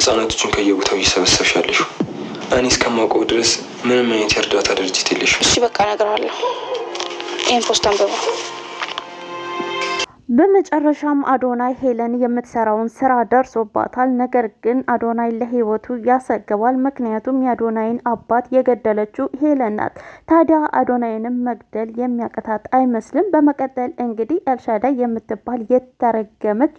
ህጻናቶችን ከየቦታው እየሰበሰብሽ ያለሽ። እኔ እስከማውቀው ድረስ ምንም አይነት የእርዳታ ድርጅት የለሽም። እሺ በቃ እነግርሃለሁ። ይህን ፖስት አንብበው። በመጨረሻም አዶናይ ሄለን የምትሰራውን ስራ ደርሶባታል። ነገር ግን አዶናይ ለህይወቱ ያሰግባል። ምክንያቱም የአዶናይን አባት የገደለችው ሄለን ናት። ታዲያ አዶናይንም መግደል የሚያቀታት አይመስልም። በመቀጠል እንግዲህ ኤልሻዳይ የምትባል የተረገመች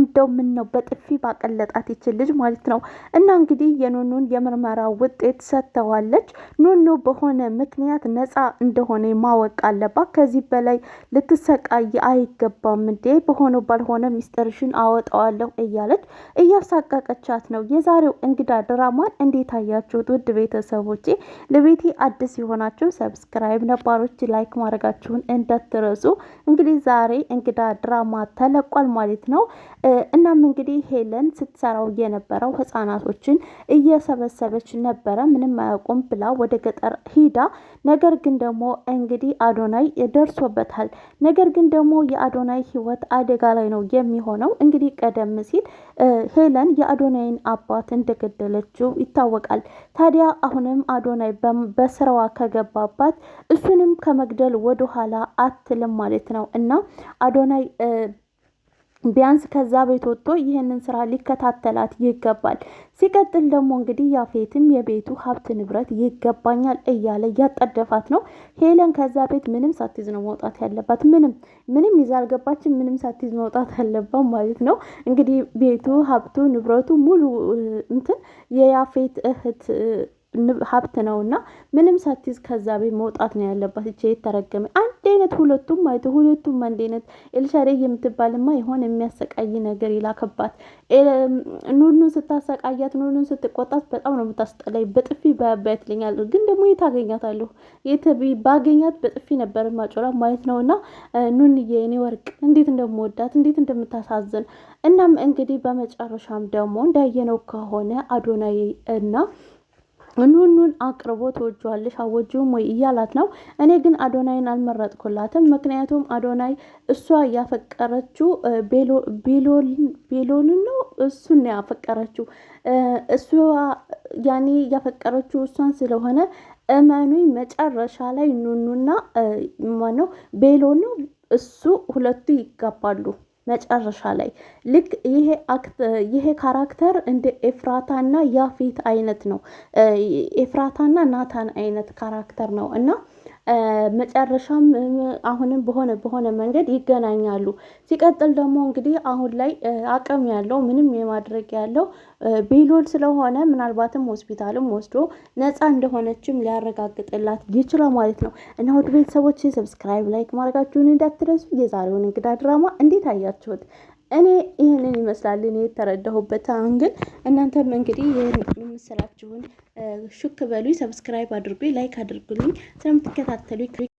እንደው ምን ነው በጥፊ ባቀለጣት ይችል ልጅ ማለት ነው። እና እንግዲህ የኑኑን የምርመራ ውጤት ሰጥተዋለች። ኑኑ በሆነ ምክንያት ነፃ እንደሆነ ማወቅ አለባት። ከዚህ በላይ ልትሰቃይ አይገባም። እንዴ በሆነው ባልሆነ ሚስጥርሽን አወጣዋለሁ እያለች እያሳቀቀቻት ነው። የዛሬው እንግዳ ድራማን እንዴት አያችሁት? ውድ ቤተሰቦቼ ለቤቴ አዲስ የሆናችሁ ሰብስክራይብ፣ ነባሮች ላይክ ማድረጋችሁን እንዳትረሱ። እንግዲህ ዛሬ እንግዳ ድራማ ተለቋል ማለት ነው። እናም እንግዲህ ሄለን ስትሰራው የነበረው ህጻናቶችን እየሰበሰበች ነበረ። ምንም አያውቁም ብላ ወደ ገጠር ሂዳ ነገር ግን ደግሞ እንግዲህ አዶናይ ደርሶበታል። ነገር ግን ደግሞ የአዶናይ ህይወት ህይወት አደጋ ላይ ነው የሚሆነው። እንግዲህ ቀደም ሲል ሄለን የአዶናይን አባት እንደገደለችው ይታወቃል። ታዲያ አሁንም አዶናይ በስራዋ ከገባባት እሱንም ከመግደል ወደኋላ አትልም ማለት ነው እና አዶናይ ቢያንስ ከዛ ቤት ወጥቶ ይህንን ስራ ሊከታተላት ይገባል። ሲቀጥል ደግሞ እንግዲህ ያፌትም የቤቱ ሀብት ንብረት ይገባኛል እያለ እያጠደፋት ነው። ሄለን ከዛ ቤት ምንም ሳትይዝ ነው መውጣት ያለባት። ምንም ምንም ይዛ አልገባችም። ምንም ሳትይዝ መውጣት ያለባት ማለት ነው። እንግዲህ ቤቱ ሀብቱ ንብረቱ ሙሉ እንትን የያፌት እህት ሀብት ነው እና ምንም ሳትይዝ ከዛ ቤት መውጣት ነው ያለባት። ይች የተረገመ አንድ አይነት ሁለቱም ማለት ሁለቱም አንድ አይነት ኤልሻዴ የምትባልማ የሆነ የሚያሰቃይ ነገር ይላከባት። ኑኑን ስታሰቃያት፣ ኑኑን ስትቆጣት በጣም ነው የምታስጠላኝ። በጥፊ ባያባያት ይለኛል፣ ግን ደግሞ የት አገኛታለሁ? ባገኛት በጥፊ ነበር ማጮራ ማለት ነው። እና ኑንዬ የኔ ወርቅ እንዴት እንደምወዳት እንዴት እንደምታሳዝን እናም እንግዲህ በመጨረሻም ደግሞ እንዳየነው ከሆነ አዶናይ እና ኑኑን አቅርቦ ተወጇዋለሽ አወጂውም ወይ እያላት ነው። እኔ ግን አዶናይን አልመረጥኩላትም። ምክንያቱም አዶናይ እሷ እያፈቀረችው ቤሎልን ነው፣ እሱን ያፈቀረችው እሷ ያኔ እያፈቀረችው እሷን ስለሆነ እመኑኝ፣ መጨረሻ ላይ ኑኑና ማነው ቤሎ ነው እሱ ሁለቱ ይጋባሉ። መጨረሻ ላይ ልክ ይሄ ካራክተር እንደ ኤፍራታና ያፌት አይነት ነው። ኤፍራታና ናታን አይነት ካራክተር ነው እና መጨረሻም አሁንም በሆነ በሆነ መንገድ ይገናኛሉ። ሲቀጥል ደግሞ እንግዲህ አሁን ላይ አቅም ያለው ምንም የማድረግ ያለው ቤሎል ስለሆነ ምናልባትም ሆስፒታልም ወስዶ ነፃ እንደሆነችም ሊያረጋግጥላት ይችላል ማለት ነው። እና ውድ ቤተሰቦች ሰብስክራይብ፣ ላይክ ማድረጋችሁን እንዳትረሱ። የዛሬውን እንግዳ ድራማ እንዴት አያችሁት? እኔ ይህንን ይመስላል እኔ የተረዳሁበት ግን እናንተም እንግዲህ ስራችሁን ሹክ በሉኝ፣ ሰብስክራይብ አድርጉኝ፣ ላይክ አድርጉልኝ። ስለምትከታተሉኝ